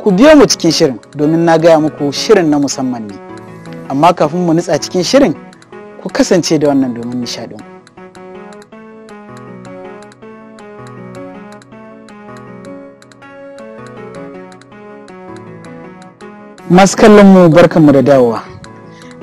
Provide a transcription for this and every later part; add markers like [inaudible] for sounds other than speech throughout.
ku biyo mu cikin shirin domin na gaya muku shirin na musamman ne amma kafin mu nutsa cikin shirin ku kasance da wannan domin nishaɗin masu kallon mu barkanmu da dawowa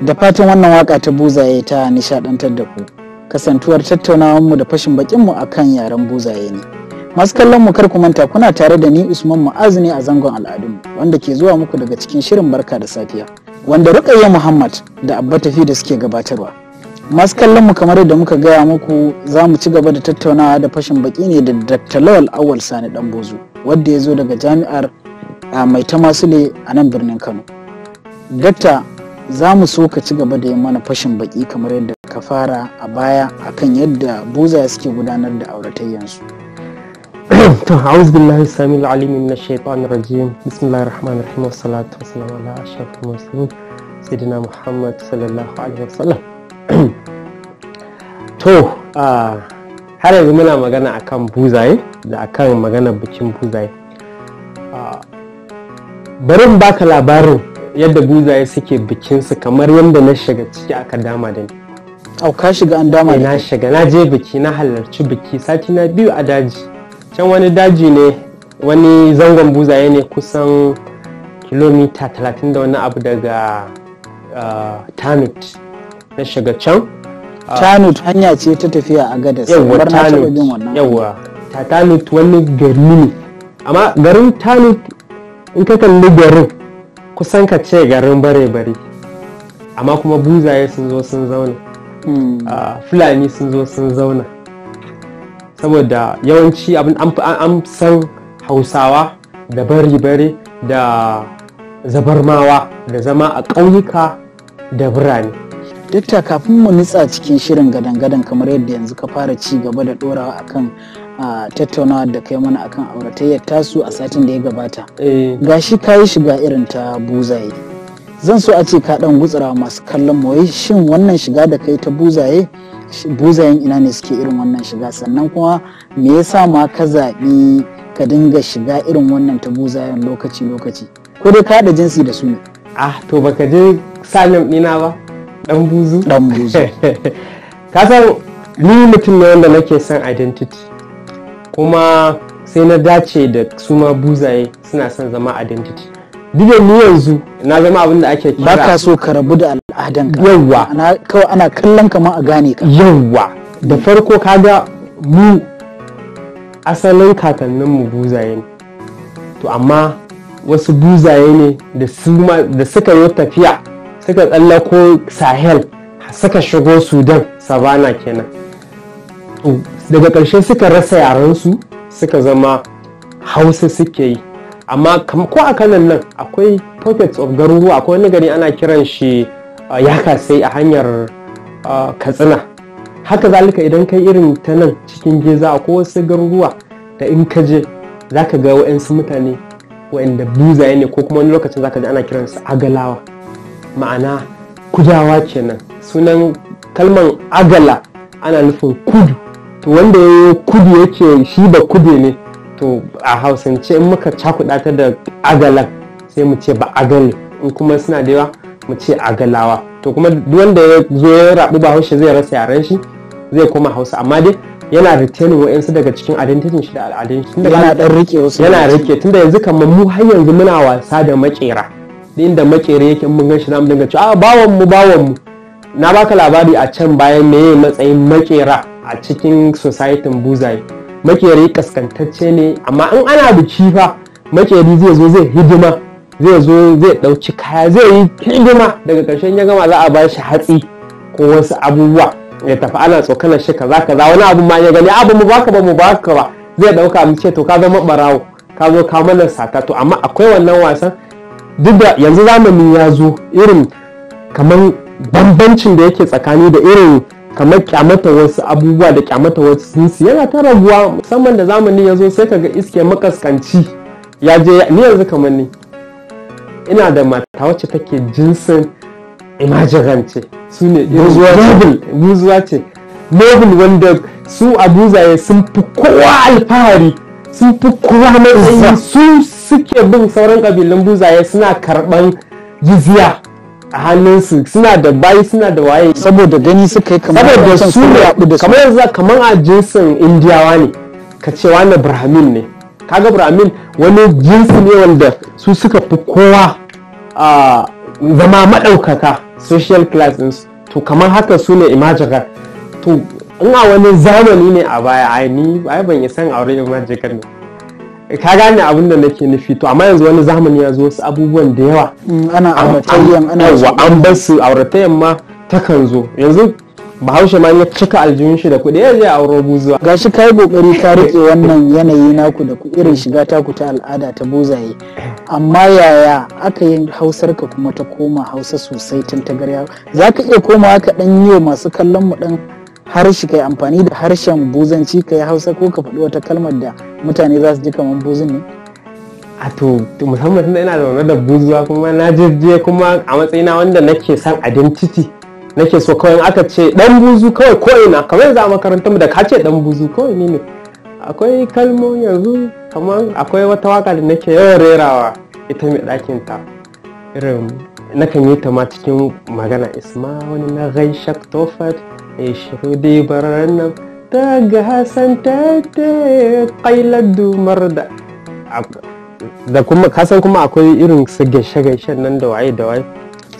da fatan wannan waka ta buzaye ta nishaɗantar da ku kasantuwar tattaunawar mu da fashin bakinmu akan yaren buzaye ne. Masu kallon mu kar ku manta kuna tare da ni Usman mu'azu ne a zangon al'adun wanda ke zuwa muku daga cikin shirin barka da safiya wanda Rukayya Muhammad da Abba Tafi da suke gabatarwa. Masu kallon mu kamar yadda muka gaya muku za mu ci gaba da tattaunawa da fashin baki ne da Dr. Lawal Awal Sani Bozu wanda ya zo daga jami'ar mai ta masule a nan birnin Kano. Dakta za mu so ka ci gaba da yin mana fashin baki kamar yadda ka fara a baya akan yadda buza suke gudanar da auratayyansu. [coughs] أعوذ بالله السميع العليم من الشيطان الرجيم بسم الله الرحمن الرحيم والصلاة والسلام على أشرف المرسلين سيدنا محمد صلى الله عليه وسلم to har yanzu muna magana akan buzaye da akan magana bikin buzaye barin baka labarin yadda buzaye suke bikin su kamar yadda na shiga ciki aka dama da ni au ka shiga an dama da na shiga na je biki na halarci biki sati na biyu a daji can wani daji ne wani zangon buzaye ne kusan kilomita 30 da wani abu daga ah, tanut na shiga can ah, tanut hanya ce ta tafiya a gadas yawwa tanut yawwa tanut wani gari ne amma garin tanut in ka kalli garin kusan ka ce garin bare-bare amma kuma buzaye sun zo sun zauna hmm. ah, fulani sun zo sun zauna saboda yawanci abin an san hausawa da bari-bari da zabarmawa da zama a ƙauyuka da birane dokta kafin mu nitsa cikin shirin gadan-gadan kamar yadda yanzu ka fara ci gaba da ɗorawa akan a tattaunawa da kai mana akan auratayyar tasu a satin da ya gabata eh. Ga shi ka yi shiga irin ta buzaye zan so a ce ka ɗan gutsura masu kallon mu shin wannan shiga da kai ta buzaye buzayen ina ne suke irin wannan shiga sannan kuma me yasa ma ka zaɓi ka dinga shiga irin wannan ta buzayen lokaci-lokaci ko dai ka da jinsi da su ne ah to baka je salim ɗina ba dan buzu dan buzu [laughs] ka san ni mutum ne wanda nake son identity kuma sai na dace da suma buzaye suna son zama identity duk ni yanzu na zama abin da ake kira baka so ka rabu da al'adan ka yawa ana kawai ana kallon ka a gane ka yawa da farko kaga mu asalin kakannin mu buzaye ne to amma wasu buzaye ne da suka yi tafiya suka tsallako sahel suka shigo sudan savana kenan daga ƙarshe suka rasa yaransu suka zama hausa suke yi amma ko a kanan nan akwai pockets of garuruwa akwai wani gari ana kiran shi uh, ya kasai a hanyar uh, katsina haka zalika idan kai irin ta nan cikin geza akwai wasu garuruwa da in ka je za ka ga wa'yansu mutane wa'yanda buzaye ne ko kuma wani lokacin za ka ji ana su agalawa ma'ana kudawa kenan sunan kalman agala ana nufin kudu to wanda ya kudu yake shi ba kudu ne to a hausance in muka cakuɗa ta da agalan sai mu ce ba agali in kuma suna da yawa mu ce agalawa to kuma duk wanda ya zo ya rabu ba haushe zai rasa yaren shi zai koma hausa amma dai yana retaining wa'yansu daga cikin identity shi da al'adun shi yana dan rike wasu yana rike tunda yanzu kamar mu har yanzu muna wasa da makera inda makera yake mun gan shi zamu dinga cewa a ah, bawon mu bawon mu na baka labari a can bayan meye matsayin makera a cikin society buzaye makeri kaskantacce ne amma in ana biki fa makeri zai zo zai hidima zai zo zai ɗauki kaya zai yi hidima daga ƙarshen ya gama za a ba shi hatsi ko wasu abubuwa ya tafi ana tsokanar shi kaza kaza wani abu ma ya gani abu ah, mu baka ba mu baka ba zai ɗauka mu ce to ka zama barawo. ka zo ka mana saka to amma akwai wannan wasan duk da yanzu zamani ya zo irin kamar bambancin da yake tsakani da irin kamar kyamata wasu abubuwa da kyamata wasu sinsi yana ta rabuwa musamman da zamani ya zo sai ga iske makaskanci ya je ni yanzu kamar ni ina da mata wacce take jinsin imajirance su ne buzuwa ce mobil wanda su abuzaye sun fi kowa alfahari sun fi kowa matsayi su suke bin sauran kabilun buzaye suna karban jiziya. a hannunsu suna da bayi suna da waye saboda gani suka yi kamar saboda su ne kamar yanzu kamar a jinsin indiyawa ne ka ce wani brahmin ne kaga brahmin wani jinsi ne wanda su suka fi kowa a zama madaukaka social class ɗinsu to kamar haka su ne imajigar to ina wani zamani ne a baya ai ni ai ban yi san aure imajigar ne Eh, ka gane abin da nake nufi to amma yanzu wani zamani ya zo wasu abubuwan da yawa mm, ana auratayyan ana yawa an bar su auratayyan ma takan zo yanzu bahaushe ma ya cika aljihun shi da kuɗi ya je auro buzuwa gashi kai kokari ka rike [laughs] wannan yanayi naku da ku irin shiga taku ta al'ada ta buzaye amma yaya aka yin hausar ka kuma ta koma hausa sosai tun ta garya za ka iya komawa ka dan yi masu kallon mu ɗan. harshe kai amfani da harshen buzanci kai hausa ko ka faɗi wata kalmar da mutane za su ji kamar buzun ne a to musamman tunda ina zaune da buzuwa kuma na jirgiye kuma a matsayina wanda nake son identity nake so kawai aka ce dan buzu kawai ko ina kamar za a makarantar mu da ka ce dan buzu kawai ne akwai kalmomi yanzu kamar akwai wata waka da nake yawan rerawa ita mai ɗakin ta irin nakan yi ta ma cikin magana isma wani na gai shak tofat ya shiru dai bararren nan ta ga hasan ta ta kailar dumar da da kuma kasan kuma akwai irin su gaishe-gaishen nan da waye da waye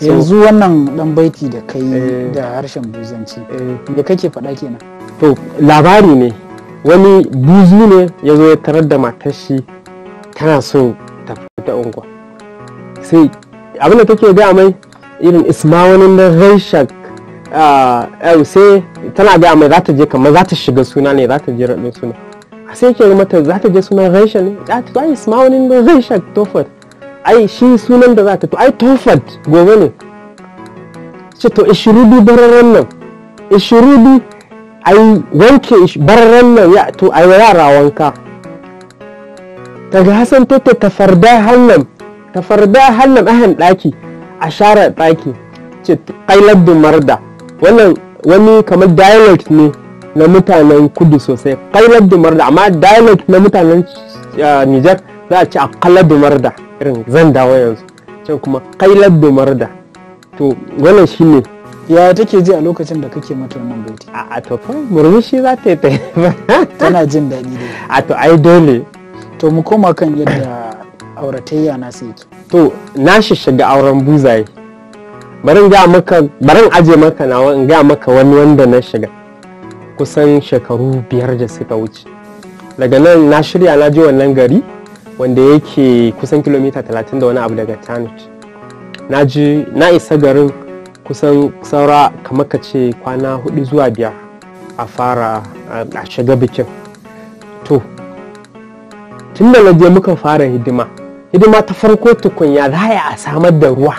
yanzu wannan dan baiti da kai eh. da harshen buzanci da eh. kake faɗa kenan to labari ne wani buzu ne ya zo ya tarar da matar shi tana so ta fita unguwa sai abinda take gaya mai irin ismawanin da raishak sai tana gaya mai za ta je kamar za ta shiga suna ne za ta je raɗin suna sai ke mata za ta je sunan raishak ne za ta ai ismawanin da raishak tofat ai shi sunan da za ta to ai tofat gobe ne ce to ishirudu bararren nan ishirudu ai wanke bararren nan ya to ai yara wanka Ta ga hasan ta farda hannan ta farda hannun ahan daki a share daki ce kailar marda wannan wani kamar dialect ne na mutanen kudu sosai kailar da marda amma dialect na mutanen nijar za a ci a kailar marda irin zan dawo yanzu can kuma kailar da marda to wannan shine ya take ji a lokacin da kake mata wannan baiti a to fa murmushi za ta yi tana jin daɗi dai a to ai dole to mu koma kan yadda auratayya na su yake to na shiga auren buzaye barin ga maka barin maka na in ga maka wani wanda na shiga kusan shekaru biyar da suka wuce daga nan na shirya na je wannan gari wanda yake kusan kilomita talatin da wani abu daga tanit na ji na isa garin kusan saura kamar ka ce kwana hudu zuwa biyar a fara a shiga bikin to tun da na je muka fara hidima hidima ta farko tukunya za a a samar da ruwa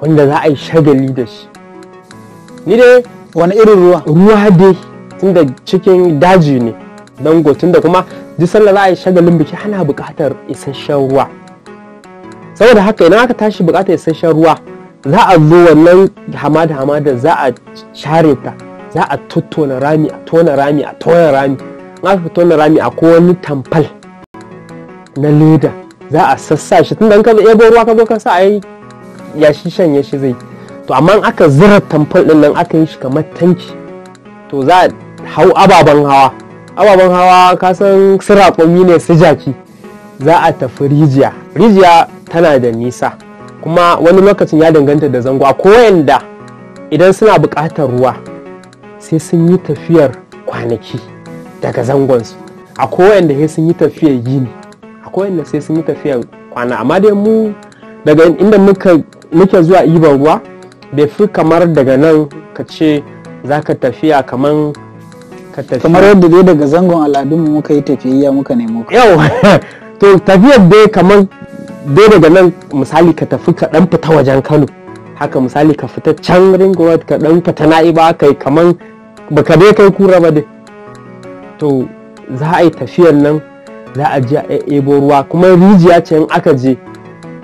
wanda za a yi shagali da shi ni dai wani irin ruwa ruwa dai tunda cikin daji ne dango tunda kuma duk sallar za a yi shagalin biki ana buƙatar isasshen ruwa saboda haka idan aka tashi buƙatar isasshen ruwa za a zo wannan hamada hamada za a share ta za a tattona rami a tona rami a tona rami in aka tona rami a wani tamfal na leda za a sassa shi tunda in ka ebo ruwa ka zo ka sa ai ya shi shanye shi zai to amma aka zura tamfol din nan aka yi shi kamar tanki to za a hau ababen hawa ababen hawa ka san su kwami ne su jaki za a tafi rijiya rijiya tana da nisa kuma wani lokacin ya danganta da zango a koyanda idan suna buƙatar ruwa sai sun yi tafiyar kwanaki daga zangonsu a koyanda sai sun yi tafiyar gini. akwai wanda sai sun yi tafiya. kwana amma dai mu daga inda muke zuwa iban ruwa bai fi kamar daga nan ka ce za ka tafiya kamar ka tafiya kamar yadda dai daga zangon al'adunmu muka yi tafiya muka nemo ka yau [laughs] to tafiyar dai kamar dai daga nan misali ka tafi ka dan fita wajen kano haka misali ka fita can ringo ka dan fita na'iba yi kamar baka dai kai kura ba dai to za a yi tafiyar nan za a je a ebo ruwa kuma rijiya ce in aka je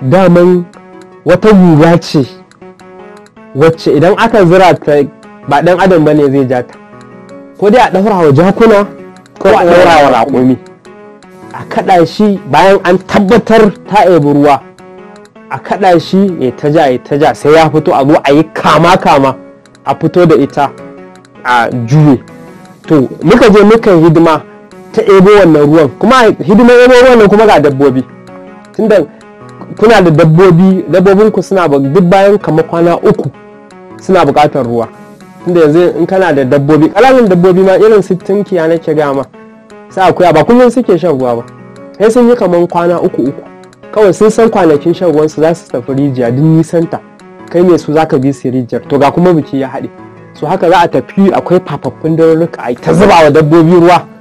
daman wata guga ce wacce idan aka zira ta ba dan adam bane zai ja ta ko dai a ɗaurawa wa jakuna ko a daura wa raƙumi a kada shi bayan an tabbatar ta ebi ruwa a kaɗa shi ya ta ja ya ta ja sai ya fito a zo a yi kama kama a fito da ita a juye to muka je muka hidima ta ebo wannan ruwan kuma hidimar ebo ruwan nan kuma ga dabbobi tunda kuna da dabbobi dabbobinku suna duk bayan kamar kwana uku suna buƙatar ruwa tunda yanzu in kana da dabbobi ƙananan dabbobi ma irin su tunkiya nake gama sai akuya ba kullum suke shan ruwa ba sai sun yi kamar kwana uku uku kawai sun san kwanakin shan ruwan su za su tafi rijiya duk nisanta kai ne su zaka bi su rijiyar to ga kuma biki ya haɗe Su haka za a tafi akwai fafaffun darurruka a ta zuba wa dabbobi ruwa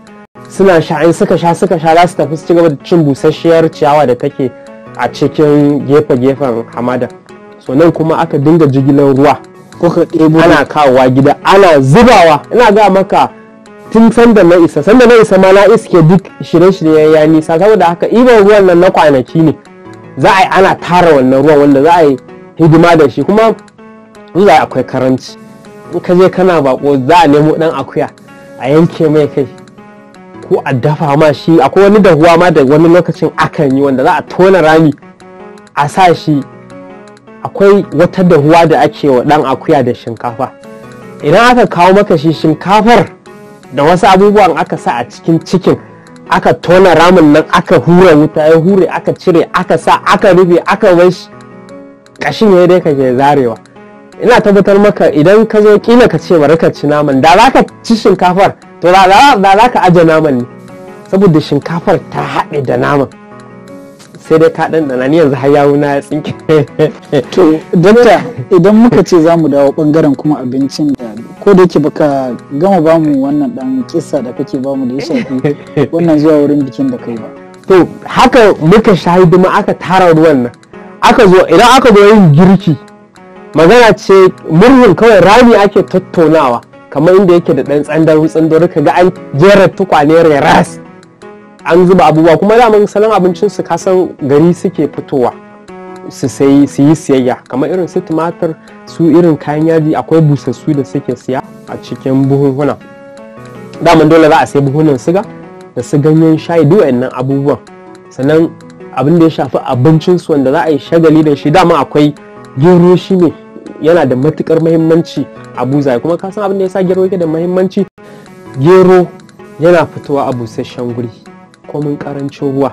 suna sha in suka sha suka sha za su tafi su ci gaba da cin busasshiyar ciyawa da kake a cikin gefe-gefen hamada so nan kuma aka dinga jigilar ruwa ko ana kawowa gida ana zubawa ina ga maka tun sanda na isa sanda na isa ma na iske duk shirye-shirye ya nisa saboda haka ibar ruwan nan na kwanaki ne za a yi ana tara wannan ruwan wanda za a yi hidima da shi kuma za akwai karanci in ka je kana bako za a nemo dan akuya a yanke mai kai ko a dafa ma shi akwai wani dahuwa ma da wani lokacin akan yi wanda za a tona rami a sa shi akwai wata dahuwa da ake wa dan akuya da shinkafa idan aka kawo maka shi shinkafar da wasu abubuwan aka sa a cikin cikin aka tona ramin nan aka hura wuta ya hure aka cire aka sa aka rufe aka bar shi kashin ya dai kake zarewa ina tabbatar maka idan ka zo kila ka ce bari ka ci naman da za ka ci shinkafar to da za ka aje naman ne saboda shinkafar ta haɗe da naman sai dai ka ɗana ni yanzu har yawo na ya tsinke to dakta idan muka ce za mu dawo bangaren kuma abincin da ko da yake baka gama bamu wannan ɗan kisa da kake bamu da ya shafi wannan zuwa wurin bikin da kai ba to haka muka shahidu ma aka tara ruwan nan aka zo idan aka zo yin girki magana ce murhun kawai rami ake tattaunawa kamar inda yake da ɗan tsandar tsandaru ka ga an jera tukwane ras an zuba abubuwa kuma daman salon abincin su kasan gari suke fitowa su sayi su yi siyayya kamar irin su tumatir su irin kayan yaji akwai busassu da suke siya a cikin buhunhuna daman dole za a sai buhunan siga da su ganyen shayi duk wayannan abubuwan sannan abin da ya shafi abincinsu wanda za a yi shagali da shi dama akwai gero shi ne yana da matukar mahimmanci a buzaye kuma ka san abin da ya sa gero yake da mahimmanci gero yana fitowa a busasshen guri komin karancin ruwa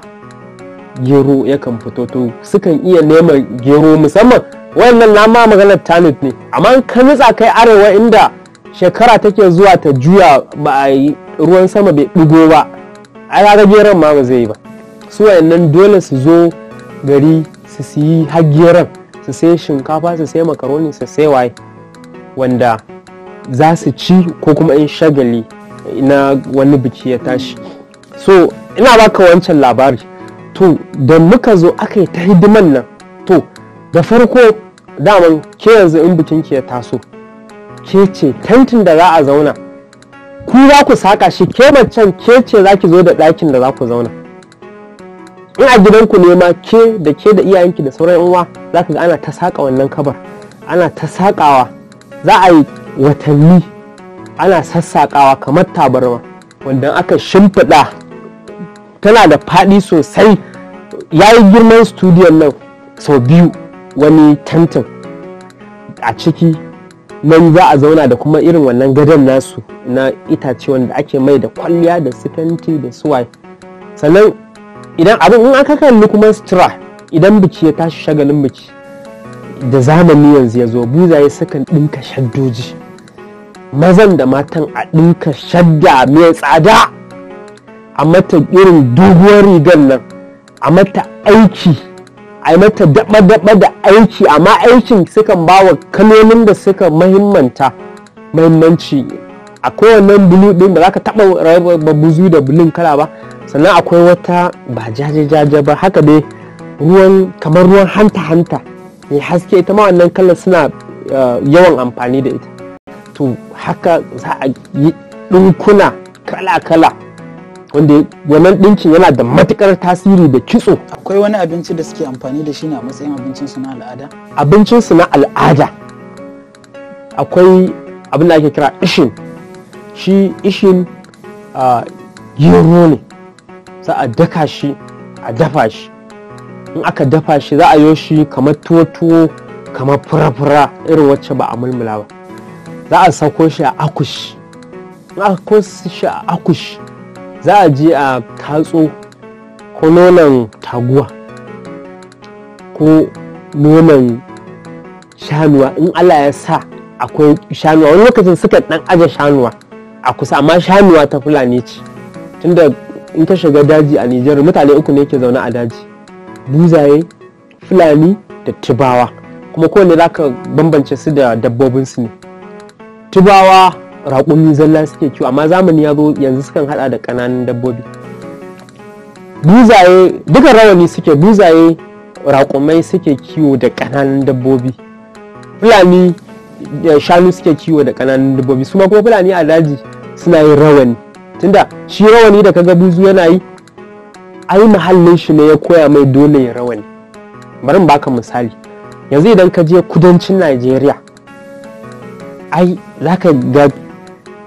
gero yakan fito to sukan iya neman gero musamman wannan na ma maganar tanit ne amma ka nutsa kai arewa inda shekara take zuwa ta juya ba a yi ruwan sama bai ɗigo ba a ga geron ma ba zai yi ba su wayannan dole su zo gari su siyi har su sai shinkafa su sai makaroni su sai waye wanda za su ci ko kuma in shagali na wani biki ya tashi so ina baka wancan labari to da muka zo aka yi ta hidiman nan to da farko daman ke yanzu in bikin ki ya taso ke ce tentin da za a zauna ku za ku saka shi ke macen ke ce za ki zo da ɗakin da za ku zauna in a gidanku ne ma ke da ke da iyayenki da sauran uwa za ka ga ana ta saƙa wannan kabar ana ta saƙawa za a yi watanni ana sassaƙawa kamar tabarma wanda aka shimfiɗa tana da faɗi sosai ya yi girman studiyon nan sau biyu wani tantan a ciki nan za a zauna da kuma irin wannan gadon nasu na itace wanda ake mai da kwalliya da sifanti da suwai sannan idan abin in aka kalli kuma sutura idan biki ya tashi shagalin biki da zamani yanzu ya zo buzaye sukan ɗinka shaddoji mazan da matan a ɗinka shadda mai tsada a mata irin doguwar rigar nan a mata aiki a mata daɓa-daɓa da aiki amma aikin sukan ba wa kalolin da suka mahimmanta mahimmanci a kowannan bulu ɗin ba za ka taɓa buzu da bulun kala ba sannan akwai wata ba jaje-jaje ba haka dai ruwan kamar ruwan hanta-hanta mai haske ita ma wannan kalar suna eh, yawan amfani da ita to haka za a yi ɗinkuna kala-kala wanda wannan ɗinkin yana da matukar tasiri da kitso akwai wani abinci da suke amfani da shi na matsayin abincin su na al'ada abincin su na al'ada akwai abin da ake kira ishin shi ishin yero ah, ne za a daka shi a dafa shi in aka dafa shi za a yi shi kamar tuwo-tuwo kamar fura-fura irin wacce ba a mulmula ba za a sako shi a akushi in aka shi a akushi za a je a tatso ko nonon taguwa ko nonon shanuwa in Allah ya sa akwai shanuwa wani lokacin suka dan aje shanuwa a kusa amma shanuwa ta fulani ce tunda in ka shiga daji a Nijar mutane uku ne ke zaune a daji buzaye fulani da tubawa kuma kowane za ka bambance su da dabbobinsu ne tubawa raƙumi zalla suke kiwo amma zamani ya zo yanzu sukan hada da ƙananan dabbobi buzaye duka rawani suke buzaye raƙumai suke kiwo da ƙananan dabbobi fulani eh, shanu suke kiwo da ƙananan dabbobi su kuma fulani a daji suna yin rawani tunda shi rawani da kaga buzu yana yi ai mahallin shi ne ya koya mai dole ya rawani bari in baka misali yanzu idan ka je kudancin Najeriya ai zaka ga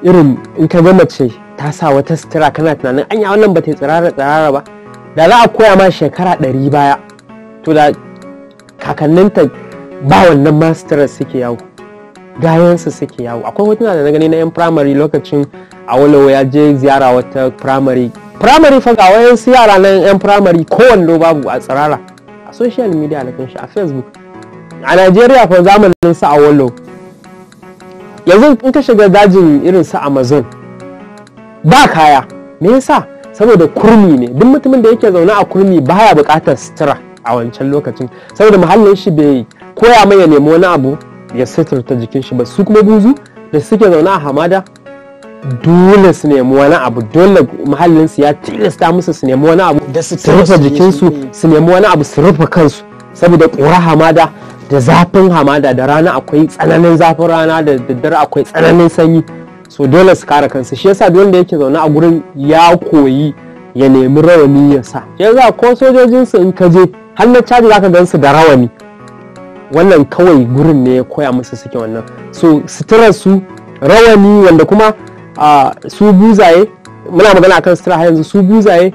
irin in ka ga mace ta sa wata sutura kana tunanin anya wannan ba ta tsirara tsirara ba da za a koya ma shekara ɗari baya to da kakanninta ba wannan ma suke yawo gayansu suke yawo akwai hotuna da na gani na yan firamare lokacin A awolowo ya je ziyara wata primary primary fa ga wayansu yara nan yan primary kowanne babu a tsirara a social media na kanshi a facebook a nigeria fa zamanin su walo yanzu in ka shiga dajin irin su amazon ba kaya me yasa saboda kurmi ne duk mutumin da yake zaune a kurmi baya bukatar sutura a wancan lokacin saboda muhallin shi bai koya mai ya nemi wani abu ya ta jikin shi ba su kuma buzu da suke zaune a hamada dole su nemi wani abu dole muhallinsu ya tilasta musu su nemi wani abu Da su rufe jikinsu su nemi wani abu su rufe kansu saboda ƙura hamada da zafin hamada da rana akwai tsananin zafin rana da daddare akwai tsananin sanyi so dole su kare kansu shi yasa dole da yake zaune a gurin ya koyi ya nemi rawani ya sa za ko sojojinsu in ka je har na caji zaka gan su da rawani wannan kawai gurin ne ya koya musu suke wannan so su rawani wanda kuma su buzaye muna magana akan sutura yanzu su buzaye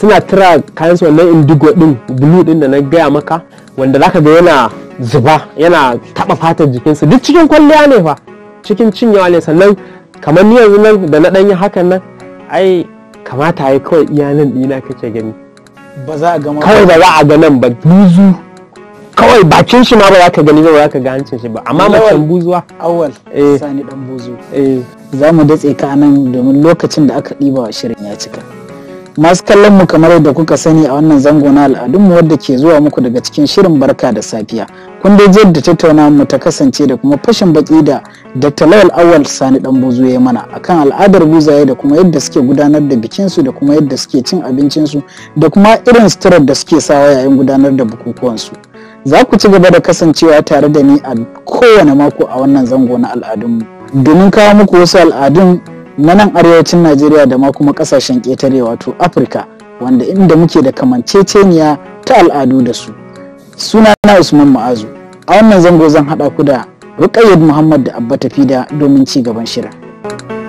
suna tura kayan su wannan indigo din bulu din da na gaya maka wanda zaka ga yana zuba yana taba fatar jikinsu duk cikin kwalliya ne fa cikin cinyewa ne sannan kamar ni yanzu nan da na dan yi hakan nan ai kamata ai kawai iyanan dina kake gani ba za a ga kawai ba za a ga nan ba buzu kawai bakin shi ma ba za ka gani ba za ka ga shi ba amma macen buzuwa awal eh. sani dan buzu eh. za mu datse ka nan domin lokacin da aka ɗiba wa shirin ya cika masu kallon mu kamar da kuka sani a wannan zango na al'adun mu wadda ke zuwa muku daga cikin shirin barka da safiya kun dai da tattauna mu ta kasance da kuma fashin baki da Dr. Lawal Awal Sani Dan buzu ya mana akan al'adar buzaye da kuma yadda suke gudanar da bikin su da kuma yadda suke cin abincin su da kuma irin suturar da suke sawa yayin gudanar da bukukuwan su za ku ci gaba da kasancewa tare da ni a kowane mako a wannan zango na al'adunmu domin kawo muku wasu al'adun na nan arewacin najeriya da ma kuma kasashen ƙetare wato afirka wanda inda muke da kamanceceniya ta al'adu da su suna na usman ma'azu a wannan zango zan haɗa ku da ruƙayyar muhammad da abba da domin ci gaban shirin